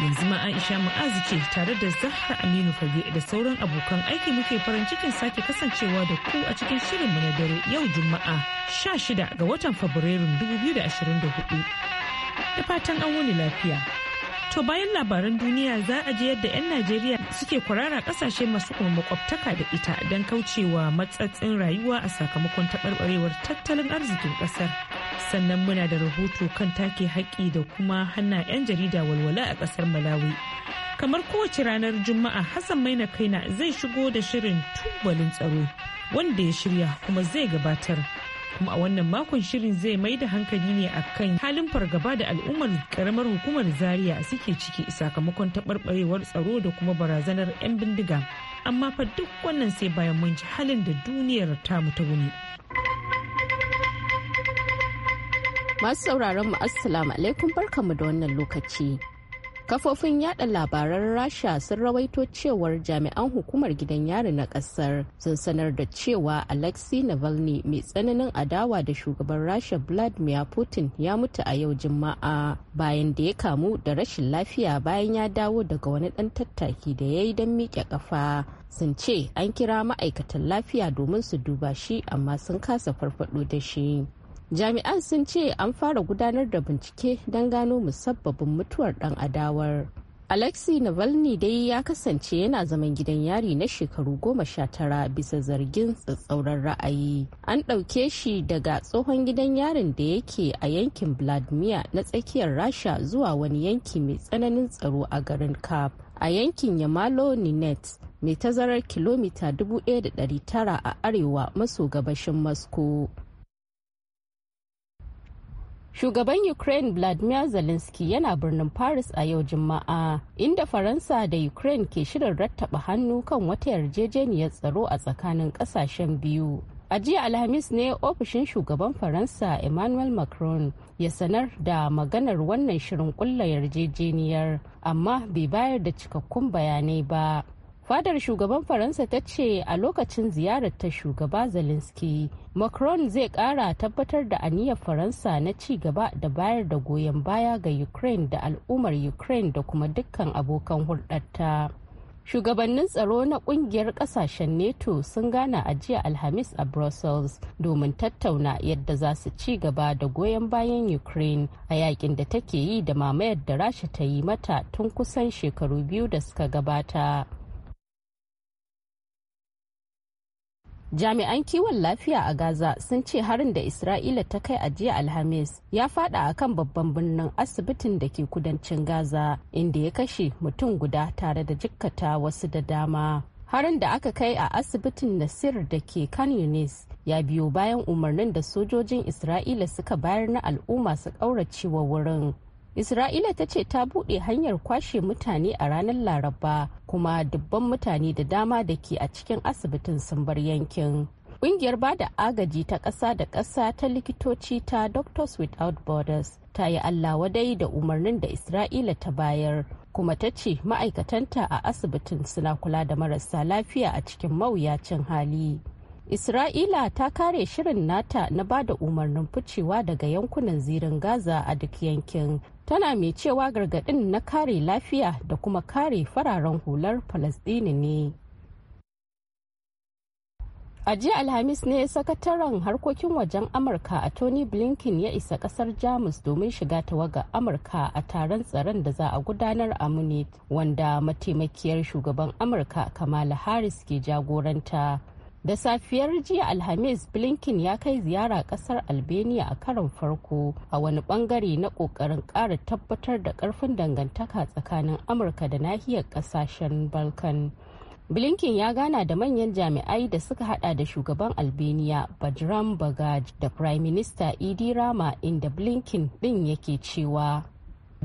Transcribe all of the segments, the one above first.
yanzu ma aisha mu'azu ce tare da zahra aminu fage da sauran abokan aiki muke farin cikin sake kasancewa da ku a cikin shirin mu na dare yau juma'a 16 ga watan fabrairun 2024 da fatan an wuni lafiya to bayan labaran duniya za a je yadda 'yan najeriya suke kwarara kasashe masu makwabtaka da ita don kaucewa matsatsin rayuwa a sakamakon taɓarɓarewar tattalin arzikin ƙasar. sannan muna da rahoto kan take haƙƙi da kuma hana 'yan jarida walwala a ƙasar malawi kamar kowace ranar juma'a hassan maina kaina zai shigo da shirin tubalin tsaro wanda ya shirya kuma zai gabatar kuma a wannan makon shirin zai mai da hankali ne a kan halin fargaba da al'ummar karamar hukumar zaria suke ciki sakamakon taɓarɓarewar tsaro da kuma barazanar 'yan bindiga amma fa duk wannan sai bayan mun ji halin da duniyar tamu ta wuni. Masu sauraron mu Assalamu alaikum barkamu da wannan lokaci. Kafofin yada labaran Rasha sun rawaito cewar jami'an hukumar gidan yari na kasar sun sanar da cewa Alexei Navalny mai tsananin adawa da shugaban Rasha Vladimir Putin ya mutu a yau Juma'a bayan da ya kamu da rashin lafiya bayan ya dawo daga wani dan tattaki da ya yi don miƙe kafa. Sun ce an kira ma'aikatan lafiya domin su duba shi amma sun kasa farfado da shi. jami'an sun ce an fara gudanar da bincike don gano musabbabin mutuwar dan adawar alexi navalny dai ya kasance yana zaman gidan yari na shekaru goma sha tara bisa zargin tsatsauran ra'ayi an ɗauke shi daga tsohon gidan yarin da yake a yankin vladimir na tsakiyar rasha zuwa wani yanki mai tsananin tsaro a garin kap a yankin yamalo ninet mai tazarar kilomita 1,900 a arewa maso gabashin moscow Shugaban Ukraine Vladimir Zelensky yana birnin Paris a yau Juma'a, inda Faransa da Ukraine ke shirin rattaba hannu kan wata yarjejeniyar tsaro a tsakanin kasashen biyu. A jiya Alhamis ne ofishin shugaban Faransa Emmanuel Macron ya sanar da maganar wannan shirin kulla yarjejeniyar, amma bai bayar da cikakkun bayanai ba. fadar shugaban faransa ta ce a lokacin ziyarar ta shugaba zelenski macron zai kara tabbatar da aniyar faransa na ci gaba da bayar da goyon baya ga ukraine da al'ummar ukraine da kuma dukkan abokan hulɗarta shugabannin tsaro na kungiyar kasashen neto sun gana a jiya alhamis a brussels domin tattauna yadda za su ci gaba da goyon bayan ukraine a yakin da take yi da mamayar da rasha ta yi mata tun kusan shekaru biyu da suka gabata jami'an kiwon lafiya a gaza sun ce harin da isra'ila ta kai a jiya alhamis ya fada a kan babban birnin asibitin da ke kudancin gaza inda ya kashe mutum guda tare da jikkata wasu da dama harin da aka kai a asibitin nasir da ke kan yunis ya biyo bayan umarnin da sojojin isra'ila suka bayar na al'umma su wa wurin Isra'ila ta ce ta buɗe hanyar kwashe mutane a ranar Laraba kuma dubban mutane da dama da ke a cikin asibitin sun bar yankin. Ƙungiyar bada agaji ta ƙasa da ƙasa ta likitoci ta Doctors Without Borders ta yi Allah wadai da umarnin da Isra'ila ta bayar kuma ta ce ma'aikatanta a asibitin suna kula da marasa lafiya a cikin mawuyacin hali. Isra'ila ta kare shirin nata na ba da umarnin ficewa daga yankunan zirin Gaza a duk yankin. Tana mai cewa gargaɗin na kare lafiya da kuma kare fararen hular Falasɗini ne. A jiya Alhamis ne sakataren harkokin wajen Amurka a Tony Blinken ya isa kasar Jamus domin shiga tawaga Amurka a taron tsaron da za a gudanar a Munich wanda mataimakiyar shugaban Amurka Kamala Harris ke jagoranta. da safiyar jiya alhamis blinken ya kai ziyara kasar albania a karon farko a wani bangare na kokarin kara tabbatar da karfin dangantaka tsakanin amurka da nahiyar kasashen balkan blinken ya gana da manyan jami'ai da suka hada da shugaban albania bajram bagaj da prime minister idi rama inda blinken din yake cewa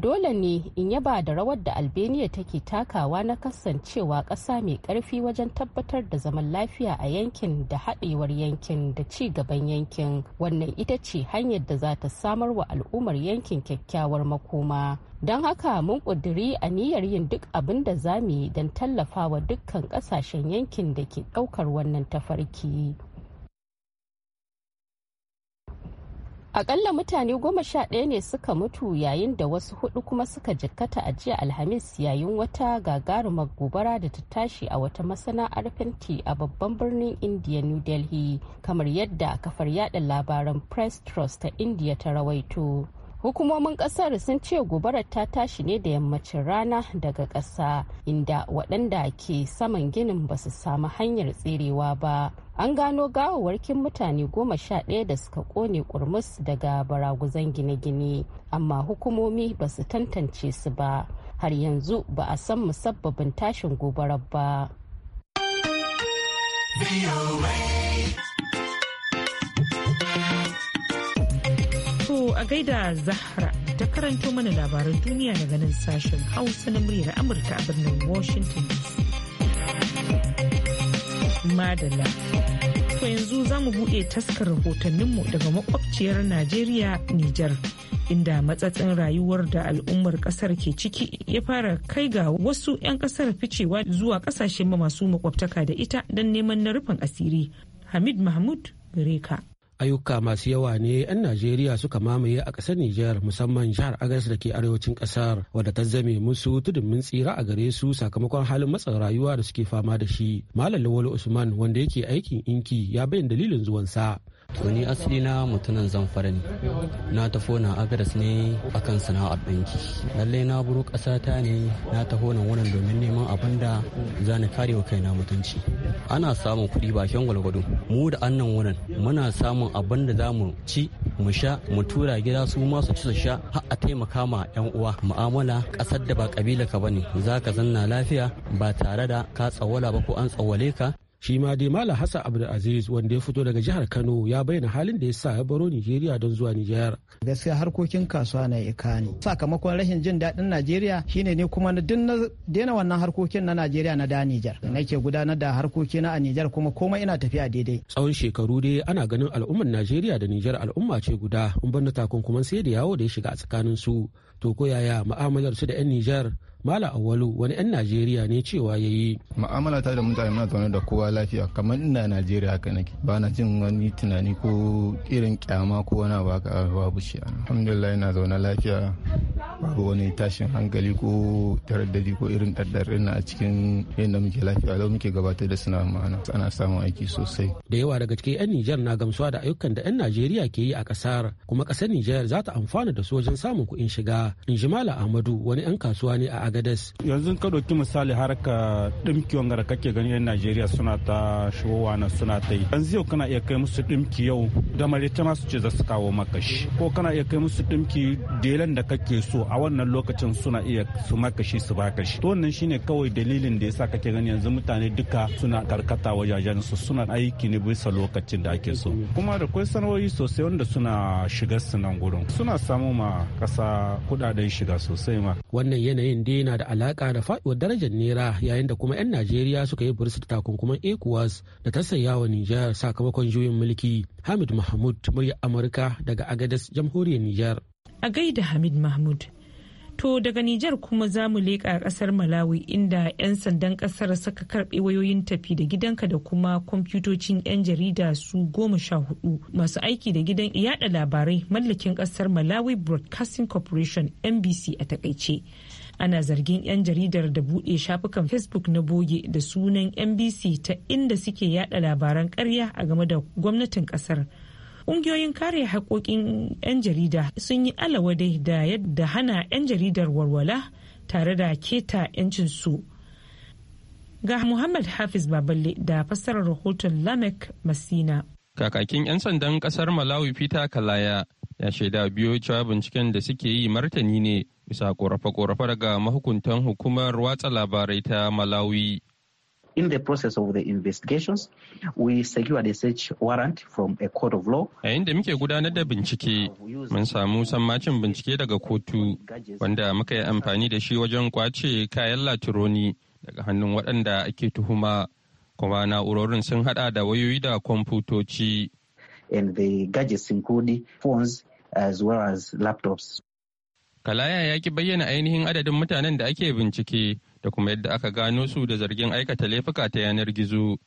dole ne in yaba da rawar da albania take takawa na kasancewa ƙasa mai ƙarfi wajen tabbatar da zaman lafiya a yankin da haɗewar yankin da ci gaban yankin wannan ita ce hanyar da za ta samar wa al'ummar yankin kyakkyawar makoma don haka mun ƙudiri aniyar yin duk abin da za mu yi don tallafawa dukkan ƙasashen yankin da ke ɗaukar wannan tafarki akalla mutane goma sha ɗaya ne suka mutu yayin da wasu hudu kuma suka jikkata a jiya alhamis yayin wata gagarumar gobara da ta tashi a wata masana'ar fenti a babban birnin india new delhi kamar yadda kafar yada labaran press trust ta indiya ta rawaito hukumomin kasar sun ce gobarar ta tashi ne da yammacin rana daga ƙasa inda waɗanda ke saman ginin ba su samu hanyar tserewa ba an gano gawawarkin mutane goma sha ɗaya da suka ƙone ƙurmus daga baraguzan gine-gine amma hukumomi ba su tantance su ba har yanzu ba a san musabbabin tashin gobarar ba. a gaida Zahra ta karanto mana labaran duniya daga nan sashen Hausa na muryar Amurka a birnin Washington DC. Madala. To yanzu za mu buɗe taskar rahotanninmu daga makwabciyar Najeriya, Nijar. inda matsatsin rayuwar da al'ummar kasar ke ciki ya fara kai ga wasu 'yan kasar ficewa zuwa kasashe masu makwabtaka da ita don neman na rufin asiri. Hamid Mahmud Gareka. ayyuka masu yawa ne 'yan najeriya suka mamaye a ƙasar nijar musamman jihar agas da ke arewacin ƙasar wadda ta zame musu tudun tsira a gare su sakamakon halin matsin rayuwa da suke fama da shi malam lawal usman wanda yake aikin inki ya bayyana dalilin zuwansa To ni asali na mutumin zamfara ne. Na taho na agaras ne akan sana'ar ɗinki. Lallai na buro ƙasa ta ne na taho na wurin domin neman abin da za ni kare wa kaina mutunci. Ana samun kuɗi bakin gwalgwado. Mu da annan wurin muna samun abin da za mu ci mu sha mu tura gida su ma su sha har a taimaka ma yan uwa mu'amala ƙasar da ba ƙabila ka bane za ka zanna lafiya ba tare da ka tsawala ba ko an tsawale ka shi ma dai mala hassan abdulaziz wanda ya fito daga jihar kano ya bayyana halin da ya sa ya baro nigeria don zuwa nijar gaskiya harkokin kasuwa na ne sakamakon rashin jin daɗin nigeria shine ne kuma na duk daina wannan harkokin na nigeria na da nijar nake gudanar da harkoki na a nijar kuma komai ina tafiya daidai tsawon shekaru dai ana ganin al'ummar nigeria da nijar al'umma ce guda in banda takunkuman sai da yawo da ya shiga a tsakanin su to ko yaya mu'amalar su da 'yan nijar Mala Awalu wani 'yan Najeriya ne cewa ya yi. Ma'amala ta da mutane muna zaune da kowa lafiya kamar ina Najeriya haka nake ba na jin wani tunani ko irin kyama ko wani abu haka babu shi. Alhamdulillah ina zaune lafiya babu wani tashin hankali ko taraddadi ko irin ɗaɗɗar na a cikin yadda muke lafiya lau muke gabatar da suna ma'ana ana samun aiki sosai. Da yawa daga cikin 'yan Nijar na gamsuwa da ayyukan da 'yan Najeriya ke yi a ƙasar kuma ƙasar Nijar za ta amfana da su wajen samun kuɗin shiga. Mala Ahmadu wani 'yan kasuwa ne a agadas yanzu ka ɗauki misali harka ɗimki wangar da kake gani yan najeriya suna ta shigowa na suna ta yi yanzu yau kana iya kai musu ɗimki yau da marita ma su ce za su kawo maka shi ko kana iya kai musu ɗimki delan da kake so a wannan lokacin suna iya su maka shi su baka shi to wannan shine kawai dalilin da yasa kake gani yanzu mutane duka suna karkata wajajen su suna aiki ne bisa lokacin da ake so kuma da kwai sanoyi sosai wanda suna shiga sunan gurin suna samu ma kasa kudaden shiga sosai ma wannan yanayin dai na da alaka da faduwar darajar nera yayin da kuma 'yan najeriya suka yi takunkuman ecowas da ta saya wa nijar sakamakon juyin mulki hamid mahmud murya amurka daga agadas jamhuriyar nijar a gaida hamid mahmud To daga Nijar kuma za mu leƙa ƙasar Malawi inda 'yan sandan ƙasar suka karɓe wayoyin tafi da gidanka da kuma kwamfutocin 'yan jarida su goma sha hudu masu aiki da gidan yada labarai mallakin ƙasar Malawi Broadcasting Corporation MBC a takaice. ana zargin 'yan jaridar da buɗe shafukan facebook na boge da sunan nbc ta inda suke yada labaran karya a game da gwamnatin kasar ƙungiyoyin kare haƙoƙin 'yan jarida sun yi alawadai da yadda hana 'yan jaridar walwala tare da keta 'yancinsu ga muhammad hafiz baballe da fassarar rahoton lamek masina kakakin 'yan sandan kasar malawi peter kalaya ya shaida biyo cewa binciken da suke yi martani ne bisa ƙorafe ƙorafe daga mahukuntan hukumar watsa labarai ta Malawi. In the process of the investigations, we secured a search warrant from a court of law. Yayin da muke gudanar da bincike, mun samu sammacin bincike daga kotu wanda muka yi amfani da shi wajen kwace kayan latironi daga hannun waɗanda ake tuhuma, kuma na'urorin sun haɗa da wayoyi da kwamfutoci. And the gadgets include phones as well as laptops. Kalaya ya ki bayyana ainihin adadin mutanen da ake bincike da kuma yadda aka gano su da zargin aikata laifuka ta yanar gizo.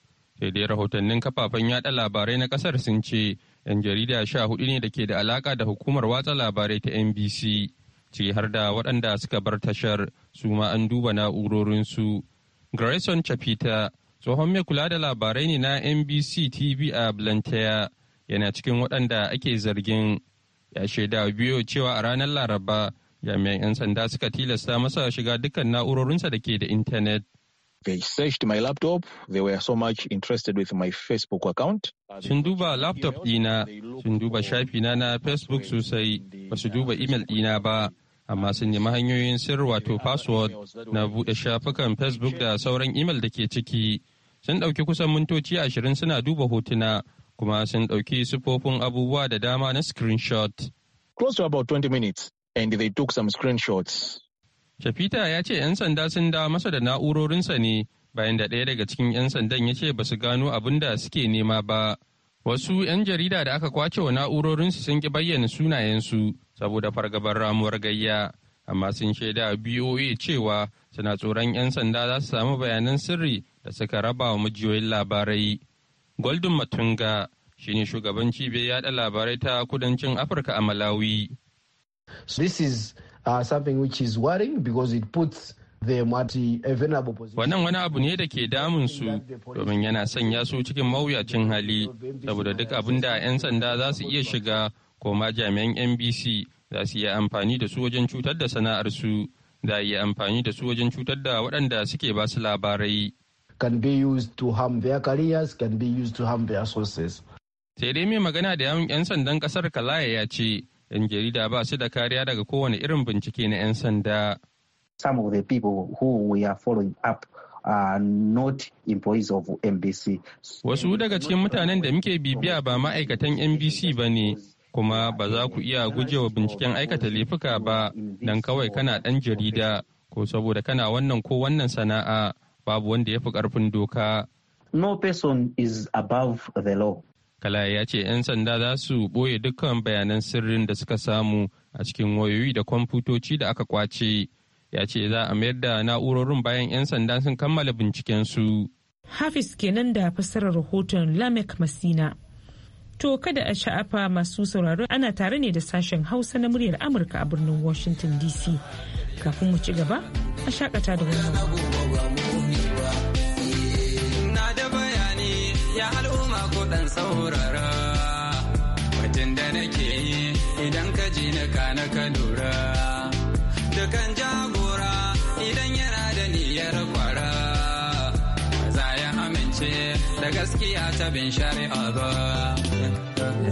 Sai dai rahotannin kafafen yaɗa labarai na kasar sun ce 'yan jarida sha hudu ne da ke da alaka da hukumar watsa labarai ta NBC. Ciki har da waɗanda suka bar tashar su ma an duba na'urorinsu. Grayson Chapita tsohon mai kula da labarai ne na NBC TV a Blantyre yana cikin waɗanda ake zargin ya shaida biyo cewa a ranar Laraba jami'an 'yan sanda suka tilasta masa shiga dukkan na'urorinsa da ke da intanet They searched my laptop. They were so much interested with my Facebook account. Sun duba laptop dina, sun duba shafina na Facebook sosai, ba su duba email dina ba, amma sun nemi hanyoyin sirri wato password na buɗe shafukan Facebook da sauran email da ke ciki. Sun ɗauki kusan mintoci ashirin suna duba hotuna, kuma sun ɗauki sufofin abubuwa da dama na screenshot. Close to about 20 minutes. and they took some screenshots. Chapita ya ce 'yan sanda sun da masa da na'urorinsa ne bayan da ɗaya daga cikin 'yan sandan ya ce ba su gano abin da suke nema ba. Wasu 'yan jarida da aka kwace wa na'urorinsu sun ki bayyana sunayensu saboda fargabar ramuwar gayya, amma sun shaida BOA cewa suna tsoron 'yan sanda za su samu bayanan sirri da suka raba wa majiyoyin labarai. Goldin Matunga shi ne shugaban cibiyar yaɗa labarai ta kudancin Afirka a Malawi. Uh, Wannan wani abu ne da ke damun su domin yana sanya su cikin mawuyacin hali saboda duk abin da 'yan sanda za su iya shiga koma jami'an NBC za su iya amfani da su wajen cutar da sana'ar su za a iya amfani da su wajen cutar da waɗanda suke ba su labarai. Can be used to harm their careers, can be to harm their sources. Sai dai mai magana da yawon 'yan sandan kasar Kalaya ya ce 'yan jarida ba su da kariya daga kowane irin bincike na 'yan sanda. Some of the people who we are following up are not employees of MBC. Wasu daga cikin mutanen da muke bibiya ba ma'aikatan MBC ba ne, kuma ba za ku iya gujewa binciken aikata laifuka ba don kawai kana ɗan jarida ko saboda kana wannan ko wannan sana'a babu wanda ya fi ƙarfin doka. No person is above the law. Kala ya ce 'yan sanda za su ɓoye dukkan bayanan sirrin da suka samu a cikin wayoyi da kwamfutoci da aka kwace. Ya ce za a mayar da na'urorin bayan 'yan sanda sun kammala bincikensu. Hafiz kenan da fassarar rahoton Lamek Masina. To kada a sha'afa masu sauraro ana tare ne da sashen Hausa na muryar Amurka a birnin Washington DC. Kafin mu ci gaba, a shakata da wannan. dan saurara wajen da nake yi idan ka ji na kana ka lura dukan jagora idan yana da niyyar kwara za ya amince da gaskiya ta bin shari'a ba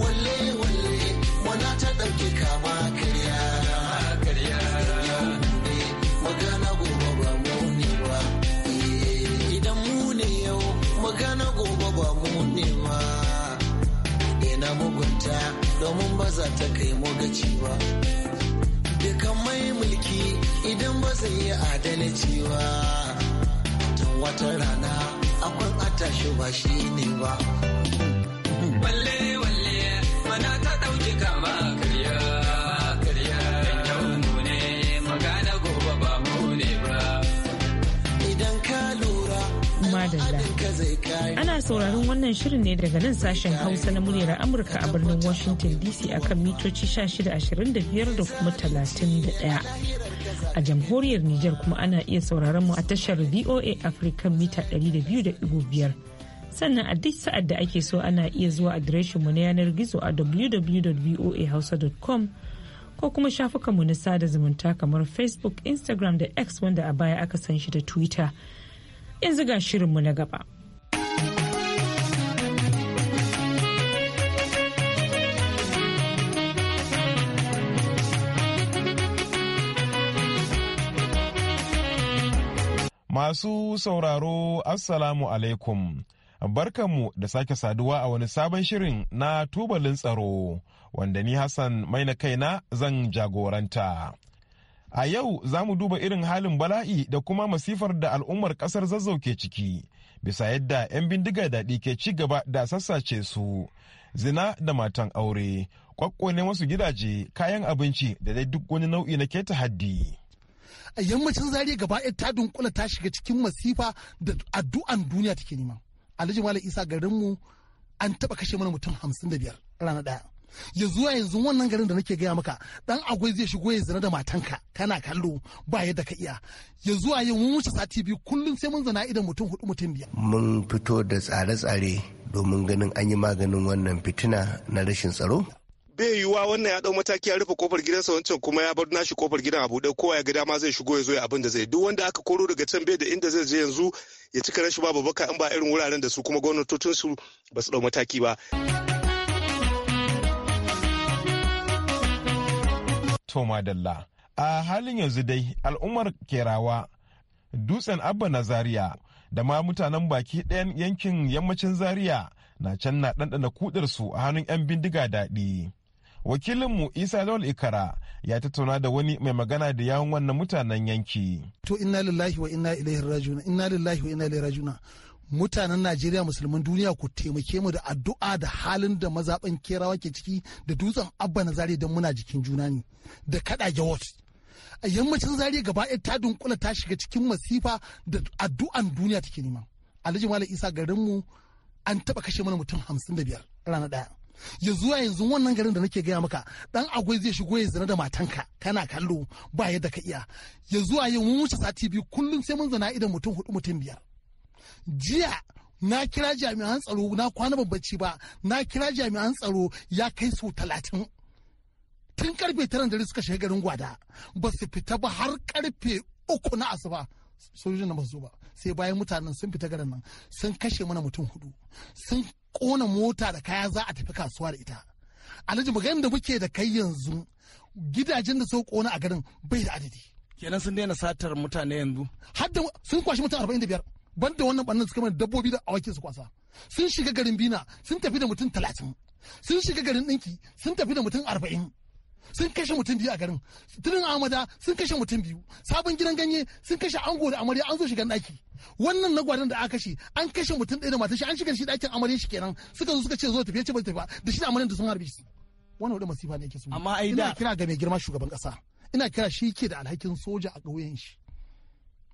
walle walle wana ta ɗauki kama kare domin ba za ta kai mogaci ba dukan mai mulki idan ba zai yi adalci ba tun wata rana akwai atashi ba shi ne ba walle walle mana ta dauke kama Ana sauraron wannan shirin ne daga nan sashen Hausa na muryar Amurka a birnin Washington DC akan mitoci 1625 da kuma 31. A jamhuriyar Nijar kuma ana iya sauraron mu a tashar VOA Africa mita 200.5. Sannan a duk sa'ad da ake so ana iya zuwa mu na yanar gizo a www.voahausa.com ko kuma shafukanmu na sada zumunta kamar facebook instagram da x wanda a baya aka san shi da twitter yanzu ga shirinmu na gaba. Masu sauraro Assalamu alaikum. Barkanmu da sake saduwa a wani sabon shirin na tubalin tsaro wanda ni Hassan mai na kaina zan jagoranta. A yau za mu duba irin halin bala'i da kuma masifar da al'ummar kasar zazzau ke ciki, bisa yadda 'yan bindiga daɗi ke ci gaba da sassace su, zina da matan aure, kwakkone wasu gidaje, kayan abinci da dai duk wani nau'i na keta haddi. A yammacin zariya gaba ta dunkula ta shiga cikin masifa da addu'an duniya take nema. Alhaji Malam Isa garinmu an taɓa kashe mana mutum hamsin da biyar rana ɗaya. ya zuwa yanzu wannan garin da nake gaya maka dan agwai zai shigo ya zina da matanka kana kallo ba yadda ka iya ya zuwa yin wuce sati biyu kullum sai mun zana idan mutum hudu mutum biyar. mun fito da tsare-tsare domin ganin an yi maganin wannan fitina na rashin tsaro bai yiwuwa wannan ya dau mataki ya rufe kofar gidansa wancan kuma ya bar nashi kofar gidan a buɗe kowa ya ga dama zai shigo ya zo ya abin da zai duk wanda aka koro daga can bai da inda zai je yanzu ya cika rashin babu baka in ba irin wuraren da su kuma gwamnatocin su ba su dau mataki ba. soma dalla. A halin yanzu dai al'ummar kerawa dutsen abba na zaria da ma mutanen baki ɗayan yankin yammacin zaria na can na ɗanɗana kudarsu a hannun 'yan bindiga daɗi. wakilinmu isa lawal ikara ya tattauna da wani mai magana da yawon wannan mutanen yanki to inna lillahi wa inna ilaihi rajuna inna lillahi wa inna ilaihi rajuna mutanen Najeriya musulman duniya ku taimake mu da addu'a da halin da mazaɓin kerawa ke ciki da dutsen abba na zariya don muna jikin juna ne da kaɗa gawat. A yammacin zariya gaba ɗaya ta dunkula ta shiga cikin masifa da addu'an duniya take nema. Alhaji Malam Isa garinmu an taɓa kashe mana mutum hamsin da biyar rana ɗaya. ya zuwa yanzu wannan garin da nake gaya maka ɗan agwai zai shigo ya zina da matanka kana kallo ba yadda ka iya ya zuwa yau mun wuce sati biyu kullum sai mun zana idan mutum hudu mutum biyar jiya na kira jami'an tsaro na kwana babbaci ba na kira jami'an tsaro ya kai su talatin tun karfe tara dare suka shiga garin gwada ba su fita ba har karfe uku na asuba sojojin na ba ba sai bayan mutanen sun fita garin nan sun kashe mana mutum hudu sun kona mota da kaya za a tafi kasuwa da ita alhaji maganin da muke da kai yanzu gidajen da sun kona a garin bai da adadi kenan sun daina satar mutane yanzu har sun kwashi mutum arba'in da biyar banda wannan bannan suka mana dabbobi da awaki su kwasa sun shiga garin bina sun tafi da mutum talatin sun shiga garin ɗinki sun tafi da mutum arba'in sun kashe mutum biyu a garin tunin amada sun kashe mutum biyu sabon gidan ganye sun kashe ango da amarya an zo shigan daki wannan na gwadan da aka kashe an kashe mutum ɗaya da matar shi an shiga shi dakin amarya shi kenan suka zo suka ce zo tafiye ce ba tafiya da shi da amarya da sun harbe shi wannan wani masifa ne yake so amma ai da kira ga mai girma shugaban kasa ina kira shi ke da alhakin soja a ƙauyen shi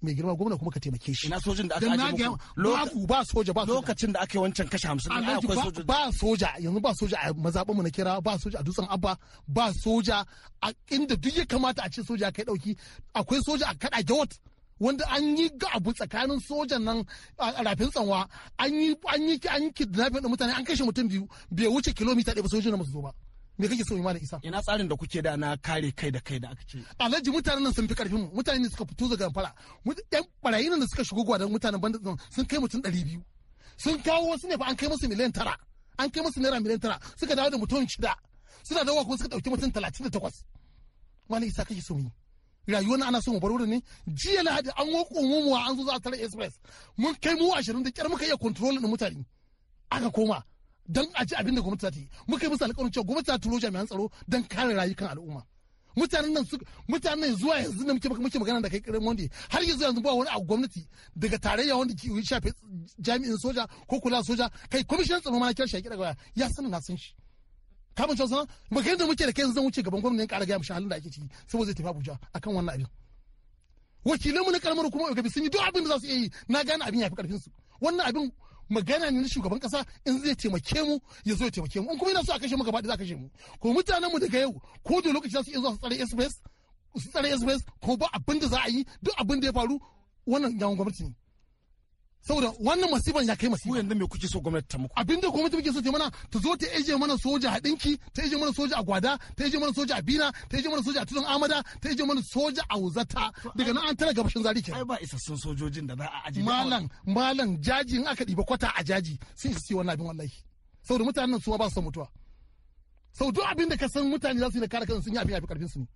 mai girma gwamna kuma ka taimake shi ina sojin da aka aje muku ba soja ba lokacin da aka wancan kashe 50 akwai soja ba soja yanzu ba soja a mazaɓin mu na kira ba soja a dutsen abba ba soja a inda duk ya kamata a ce soja kai dauki akwai soja a kada jawat wanda an yi ga abu tsakanin sojan nan a rafin tsanwa an yi an yi kidnapping da mutane an kashe mutum biyu bai wuce kilomita ɗaya ba sojan na masu zo ba me kake so imani isa ina tsarin da kuke da na kare kai da kai da aka ce alhaji mutanen nan sun fi karfin mu mutane ne suka fito daga fara yan barayin nan da suka shigo gwadan mutanen banda nan sun kai mutum ɗari biyu sun kawo wasu ne fa an kai musu miliyan tara an kai musu naira miliyan tara suka dawo da mutum shida suna dawowa kuma suka dauki mutum talatin da takwas wani isa kake so mu yi rayuwar ana mu bar wurin ne jiya lahadi an wakon mu an zo za a tare express mun kai mu ashirin da kyar muka iya control din mutane aka koma don a ji abin da gwamnati za ta yi muka yi musu alƙawarin cewa gwamnati za ta turo jami'an tsaro don kare rayukan al'umma mutanen nan su mutanen zuwa yanzu da muke muke magana da kai kiran wanda har yanzu yanzu ba wani a gwamnati daga tarayya wanda ke shafe jami'in soja ko kula soja kai kwamishinan tsaro ma na kira shi daga ya sanin na san shi kamun can sana maganin da muke da kai yanzu zan wuce gaban gwamnati ƙara gaya mishi halin da ake ciki saboda zai tafi Abuja akan wannan abin wakilanmu na karamar hukumar Ogabi sun yi duk abin da za su iya yi na gane abin ya fi karfin su wannan abin magana ne na shugaban kasa in zai taimake mu ya zo ya taimake mu in kuma yana so a kashe mu gaba za a kashe mu ko mutanen mu daga yau ko da lokaci za su iya su tsare express su tsare express ko ba abin da za a yi duk abin da ya faru wannan yawon gwamnati ne saboda wannan masifan ya kai masifa yanzu me kuke so gwamnati ta muku abinda gwamnati muke so ta mana ta zo ta eje mana soja a dinki ta eje mana soja a gwada ta eje mana soja a bina ta eje mana soja a tudun amada ta eje mana soja a wuzata daga nan an tara gabashin zari kenan ai ba isassun sojojin da za a aje malam malam jaji in aka diba kwata a jaji sun isa wannan abin wallahi saboda mutanen su ba su mutuwa sau duk abin da ka san mutane za su yi da kare kansu sun yi abin abin karfin su ne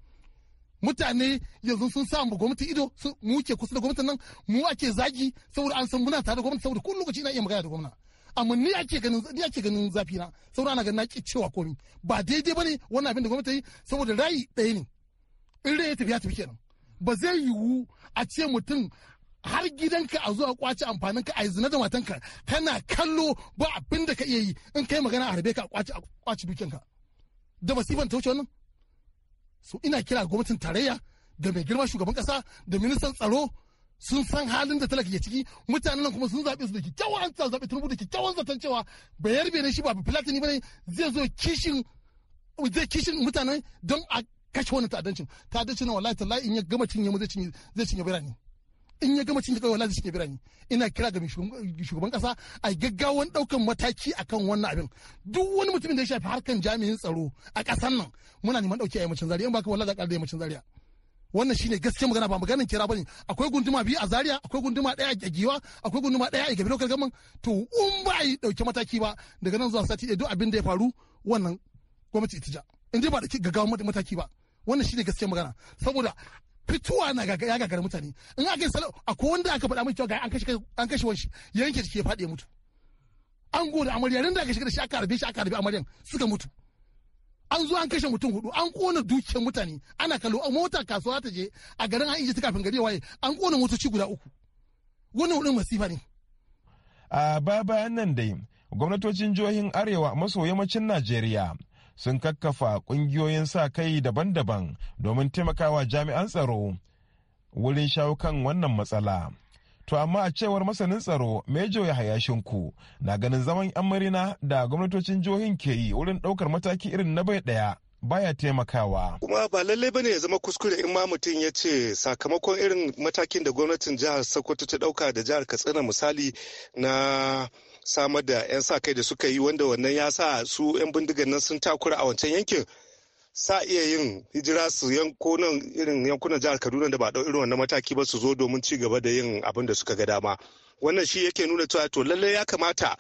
mutane yanzu sun sa mu gwamnati ido mu ke kusa da gwamnati nan mu ake zagi saboda an san muna tare da gwamnati saboda kullum lokaci ina iya magana da gwamna amma ni ake ganin ni ake ganin zafi na saboda ana ganin na ki cewa komi ba daidai bane wannan abin da gwamnati yi saboda rayi ɗaya ne in rai ya tafi ya tafi kenan ba zai yiwu a ce mutum har gidanka a zuwa kwace amfanin ka a yi zina da matanka kana kallo ba abin da ka iya yi in kai magana a harbe ka a kwace ka da masifan ta wuce wannan su ina kira gwamnatin tarayya da mai girma shugaban kasa da ministan tsaro sun san halin da talaka ke ciki mutanen nan kuma sun zaɓe su da kyakkyawan an zaɓe tun da kyakkyawan zaton cewa bayar bai shi ba filatini ne zai zo kishin zai kishin mutanen don a kashe wani ta'addancin ta'addancin na wallahi tallahi in ya gama cinye mu zai cinye birane in ya gama cinye kawai lazishin birane ina kira ga shugaban kasa a gaggawan daukan mataki akan wannan abin duk wani mutumin da ya shafi harkan jami'in tsaro a kasar nan muna neman dauki a yammacin zaria in baka wallahi za ka da yammacin zaria wannan shine gaskiya magana ba maganin kira bane akwai gunduma biyu a zaria akwai gunduma daya a giwa akwai gunduma daya a gabi lokacin gaman to in ba a yi dauki mataki ba daga nan zuwa sati ɗaya duk abin da ya faru wannan gwamnati ita ja in dai ba da gaggawan mataki ba wannan shine gaskiya magana saboda fituwa na ya gagara mutane in aka yi salau a wanda aka faɗa mai cewa ga an kashe wanshi yanke jiki ya faɗi ya mutu an gode amarya nan da aka shiga da shi aka harbe shi aka harbe amaryan suka mutu an zo an kashe mutum hudu an kona dukiyar mutane ana kallo a mota kasuwa ta je a garin an ta kafin gari waye an kona motoci guda uku wannan hudun masifa ne a baya bayan nan dai gwamnatocin jihohin arewa maso yammacin najeriya sun kakkafa kungiyoyin sa kai daban-daban domin taimakawa jami'an tsaro wurin shawo kan wannan matsala. To amma a cewar masanin tsaro Mejo Yahaya Shinku na ganin zaman 'yan marina da gwamnatocin jihohin ke yi wurin ɗaukar mataki irin na bai ɗaya baya taimakawa. Kuma ba lallai bane ya zama kuskure in ma mutum ya ce sakamakon irin matakin da gwamnatin jihar Sokoto ta dauka da jihar Katsina misali na samar da 'yan sa kai da suka yi wanda wannan ya sa su 'yan bindigan nan sun takura a wancan yankin sa iya yin hijira su nan irin yankunan jihar kaduna da ba ɗau irin wannan mataki ba su zo domin ci gaba da yin abin da suka ga dama wannan shi yake nuna cewa to lallai ya kamata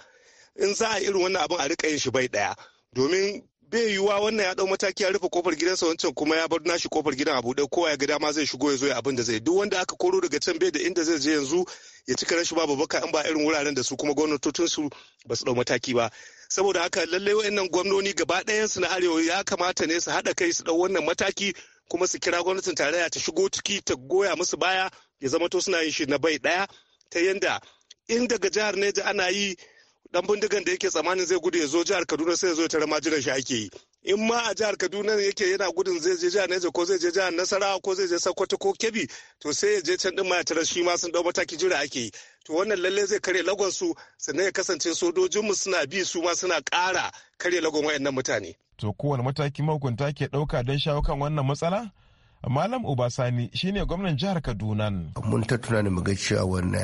in za a irin wannan abin a rika yin shi bai ɗaya domin bai yiwuwa wannan ya dau mataki ya rufe kofar gidansa wancan kuma ya bar nashi kofar gidan a buɗe kowa ya ga dama zai shigo ya zo ya abin da zai duk wanda aka koro daga can bai da inda zai je yanzu ya cika rashin babu baka in ba irin wuraren da su kuma gwamnatocin su ba su dau mataki ba saboda haka lallai wayannan gwamnoni gaba su na arewa ya kamata ne su haɗa kai su dau wannan mataki kuma su kira gwamnatin tarayya ta shigo ciki ta goya musu baya ya zama to suna yin shi na bai ɗaya ta yanda in daga jihar Neja ana yi dan bindigan da yake tsamanin zai gudu ya zo jihar Kaduna sai ya zo ya tara majiran shi ake yi in ma a jihar Kaduna yake yana gudun zai je jihar Niger ko zai je jihar Nasarawa ko zai je Sokoto ko Kebbi to sai ya je can din ma ya shi ma sun dau mataki jira ake yi to wannan lalle zai karya lagon su sannan ya kasance mu suna bi su ma suna ƙara karya lagon wayannan mutane to kowane mataki mahukunta ke ɗauka don shawo kan wannan matsala Malam Obasani ne gwamnan jihar Kaduna. Mun ta tunanin mu ga cewa wani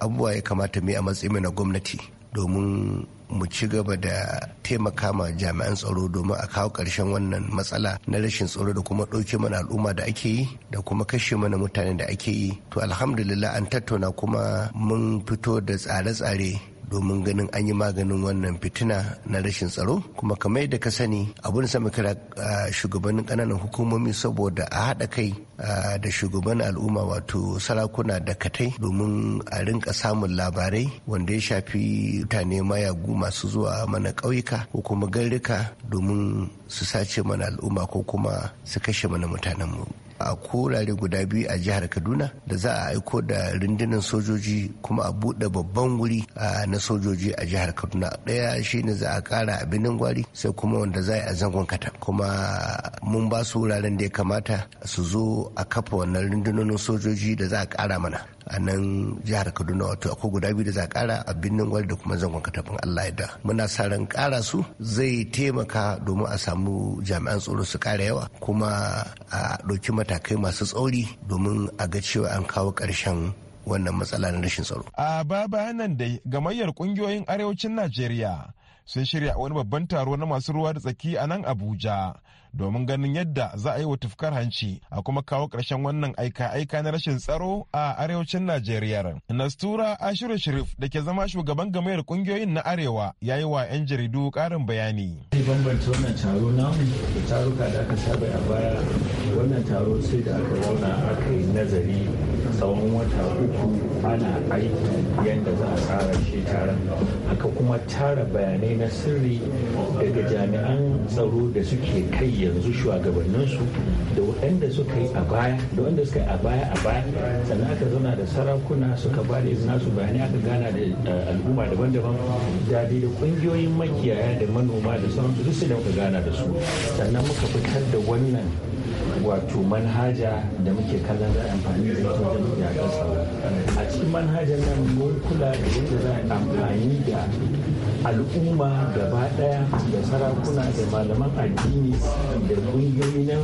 abubuwa ya kamata mu yi a matsayin na gwamnati domin mu ci gaba da taimaka ma jami'an tsaro domin a kawo ƙarshen wannan matsala na rashin tsaro da kuma ɗauke mana al'umma da ake yi da kuma kashe mana mutane da ake yi. To alhamdulillah an tattauna kuma mun fito da tsare-tsare domin ganin an yi maganin wannan fitina na rashin tsaro kuma kamar yadda ka sani abun sama kira shugabannin kananan hukumomi saboda a haɗa kai da shugaban al'umma wato sarakuna da katai domin a rinka samun labarai wanda ya shafi mutane mayagu masu zuwa mana ƙauyuka ko kuma garrika domin su sace mana al'umma ko kuma su kashe mana mutanenmu a korare guda biyu a jihar kaduna da za a aiko da rundunar sojoji kuma a buɗe babban wuri na sojoji a jihar kaduna ɗaya shine za a ƙara a binin gwari sai kuma wanda za a zangon kata kuma mun ba su wuraren da ya kamata su zo a kafa wannan rundunonin sojoji da za a ƙara mana a nan jihar kaduna wato akwai guda biyu da za a kara a birnin gwari da kuma zangon katafin allah yadda muna sa ran kara su zai taimaka domin a samu jami'an tsaro su kara yawa kuma a ɗauki matakai masu tsauri domin a ga cewa an kawo ƙarshen wannan matsala na rashin tsaro. a baba nan dai gamayyar ƙungiyoyin arewacin najeriya sun shirya wani babban taro na masu ruwa da tsaki a nan abuja domin ganin yadda za a yi wa tufkar hanci a kuma kawo ƙarshen wannan aika-aika na rashin tsaro a arewacin najeriya nastura ashiru sharif da ke zama shugaban gamayar kungiyoyin na arewa ya yi wa 'yan jaridu karin bayani bambanta wannan da aka wannan taro sai da aka zauna aka yi nazari tsawon wata uku ana aiki yadda za a tsara shi taron haka kuma tara bayanai na sirri daga jami'an tsaro da suke kai yanzu shugabanninsu da waɗanda suka yi a baya da waɗanda suka yi a baya a baya sannan aka zauna da sarakuna suka ba da izina su bayanai aka gana da eh, al'umma daban-daban da da ƙungiyoyin makiyaya da manoma da sauransu duk su da muka gana da su sannan muka fitar da wannan wato manhaja da muke kallon za a amfani da ita wajen yaƙar sauro a cikin manhajar nan mun kula da yadda za a amfani da al'umma gaba daya da sarakuna da malaman addini da ƙungiyoyi na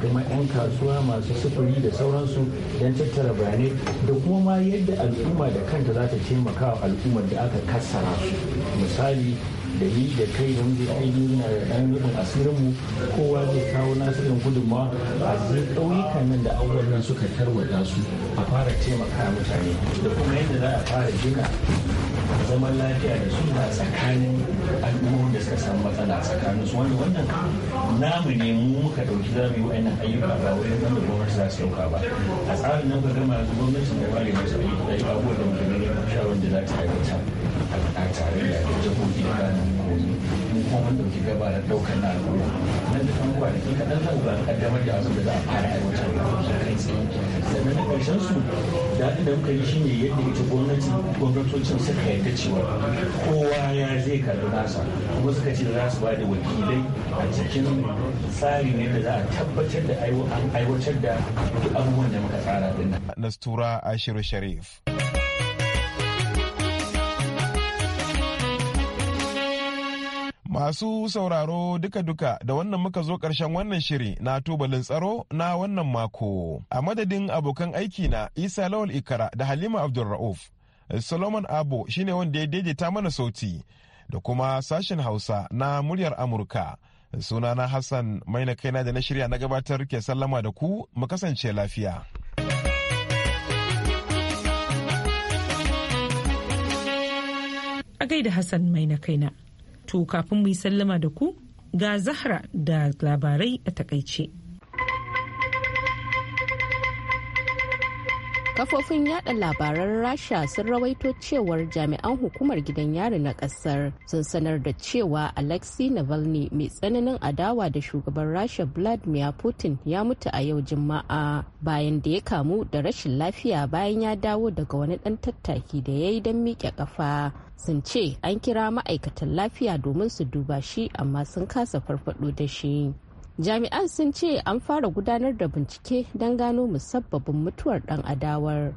kuma 'yan kasuwa masu sufuri da sauransu don tattara bayanai da kuma ma yadda al'umma da kanta za ta taimaka wa al'ummar da aka kassara su misali da ni da kai da wanda yi na da ɗan a asirinmu kowa zai kawo nasu irin gudunmawa a zai ɗauyuka nan da auren nan suka tarwata su a fara taimaka mutane da kuma yadda za a fara gina zaman lafiya da suna tsakanin al'ummomin da suka samu matsala tsakanin su wanda wannan namu ne mu muka dauki za mu yi wa'annan ayyuka ba wai da gwamnati za su ɗauka ba a tsarin nan ka gama yanzu gwamnati da ne masu ayyuka da abubuwan da mutum ne shawarar da za ta aiwata a tarayya da jihohi da kanin komi mun kuma mun dauki gaba da daukar na al'umma nan da kan ke kaɗan zan ga kaddamar da abin da za a fara aiwatar da kai tsaye sannan na ƙarshen su daɗin da muka yi shine yadda ita gwamnati gwamnatocin suka yarda cewa kowa ya zai karɓi nasa kuma suka ce za su ba da wakilai a cikin tsari ne da za a tabbatar da aiwatar da duk abubuwan da muka tsara din. Nastura Ashiru Sharif. Masu sauraro duka-duka da wannan muka zo ƙarshen wannan shiri na tubalin tsaro na wannan mako. A madadin abokan aiki na Isa Lawal Ikara da Halima Abdulra'uf, Solomon Abo shine wanda ya daidaita mana sauti da kuma sashen Hausa na muryar Amurka. Sunana Hassan maina kaina da na shirya na gabatar ke sallama da ku mu kasance lafiya. A gaida Hassan maina kaina. To kafin mu yi sallama da ku ga Zahra da labarai a takaice. kafofin yada labaran rasha sun rawaito cewar jami'an hukumar gidan yari na kasar sun sanar da cewa alexei navalny mai tsananin adawa da shugaban rasha vladimir putin ya mutu a yau juma'a bayan da ya kamu da rashin lafiya bayan ya dawo daga wani dan tattaki da ya yi don miƙe kafa sun ce an kira ma'aikatan lafiya domin su duba shi amma sun kasa farfado da shi jami'an sun ce an fara gudanar da bincike don gano musabbabin mutuwar dan adawar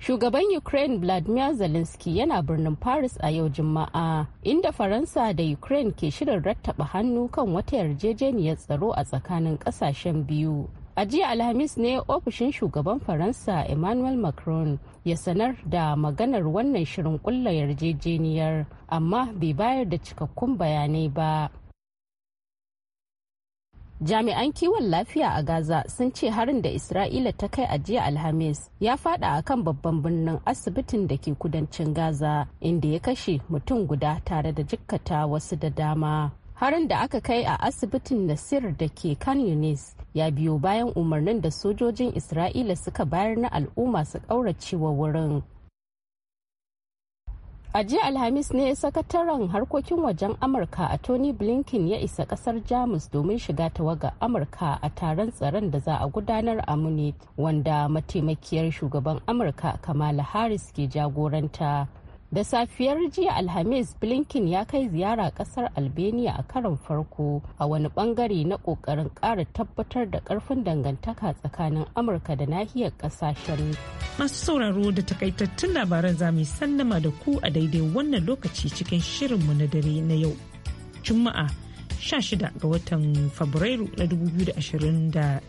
Shugaban Ukraine Vladimir Zelensky yana birnin Paris a yau Juma'a, inda Faransa da Ukraine ke shirin rattaba hannu kan wata yarjejeniyar tsaro a tsakanin kasashen biyu. A jiya Alhamis ne ofishin shugaban Faransa Emmanuel Macron ya sanar da maganar wannan shirin kulla yarjejeniyar, amma bai bayar da cikakkun bayanai ba. jami'an kiwon lafiya a gaza sun ce harin da isra'ila ta kai a jiya alhamis ya fada a kan babban birnin asibitin da ke kudancin gaza inda ya kashe mutum guda tare da jikkata wasu da dama harin da aka kai a asibitin nasir da ke kan yunis ya biyo bayan umarnin da sojojin isra'ila suka bayar na al'umma su ƙauracewa wurin A jiya Alhamis ne sakataren harkokin wajen Amurka a Tony Blinken ya isa kasar Jamus domin shiga tawaga Amurka a taron tsaron da za a gudanar a Munich wanda mataimakiyar shugaban Amurka Kamala Harris ke jagoranta. da safiyar jiya alhamis blinken ya kai ziyara kasar albania a karon farko a wani bangare na kokarin kara tabbatar da karfin dangantaka tsakanin amurka da nahiyar kasashen masu sauraro da takaitattun labaran zamu sallama da ku a daidai wannan lokaci cikin shirinmu na dare na yau juma'a 16 ga watan fabrairu na 2024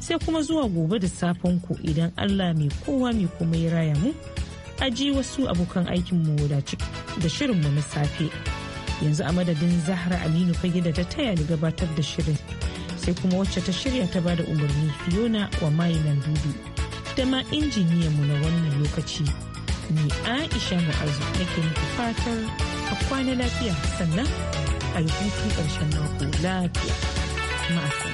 sai kuma zuwa gobe da safen ku idan allah mai kowa mai kuma ya raya mu a ji wasu abokan aikinmu da shirinmu na safe yanzu a madadin zahra aminu fage da ta taya ni gabatar da shirin sai kuma wacce ta shirya ta bada umarni fiona wa nan dudu da ma injiniyanmu na wannan lokaci ni aisha mu'azu nake muku fatar a kwana lafiya sannan a yi hutun ƙarshen mako lafiya ma'asar